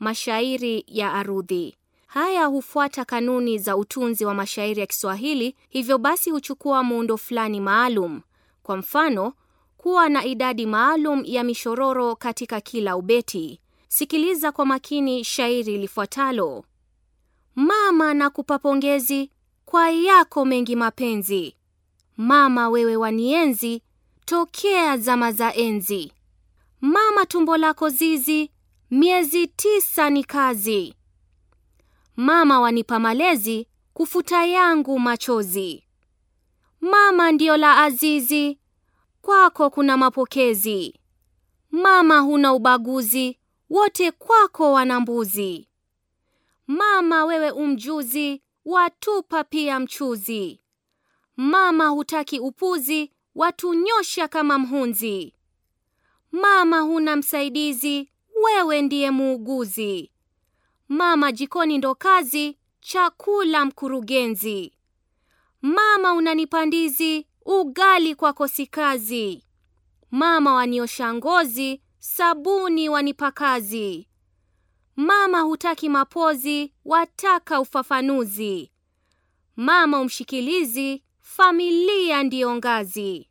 mashairi ya arudhi. Haya hufuata kanuni za utunzi wa mashairi ya Kiswahili, hivyo basi huchukua muundo fulani maalum. Kwa mfano, kuwa na idadi maalum ya mishororo katika kila ubeti. Sikiliza kwa makini shairi lifuatalo: Mama nakupa pongezi kwa yako mengi mapenzi, mama wewe wanienzi tokea zama za enzi, mama tumbo lako zizi Miezi tisa ni kazi. Mama wanipa malezi, kufuta yangu machozi. Mama ndio la azizi, kwako kuna mapokezi. Mama huna ubaguzi, wote kwako wana mbuzi. Mama wewe umjuzi, watupa pia mchuzi. Mama hutaki upuzi, watunyosha kama mhunzi. Mama huna msaidizi, wewe ndiye muuguzi, mama jikoni ndo kazi, chakula mkurugenzi, mama unanipandizi, ugali kwako si kazi, mama waniosha ngozi, sabuni wanipa kazi, mama hutaki mapozi, wataka ufafanuzi, mama umshikilizi, familia ndiyo ngazi.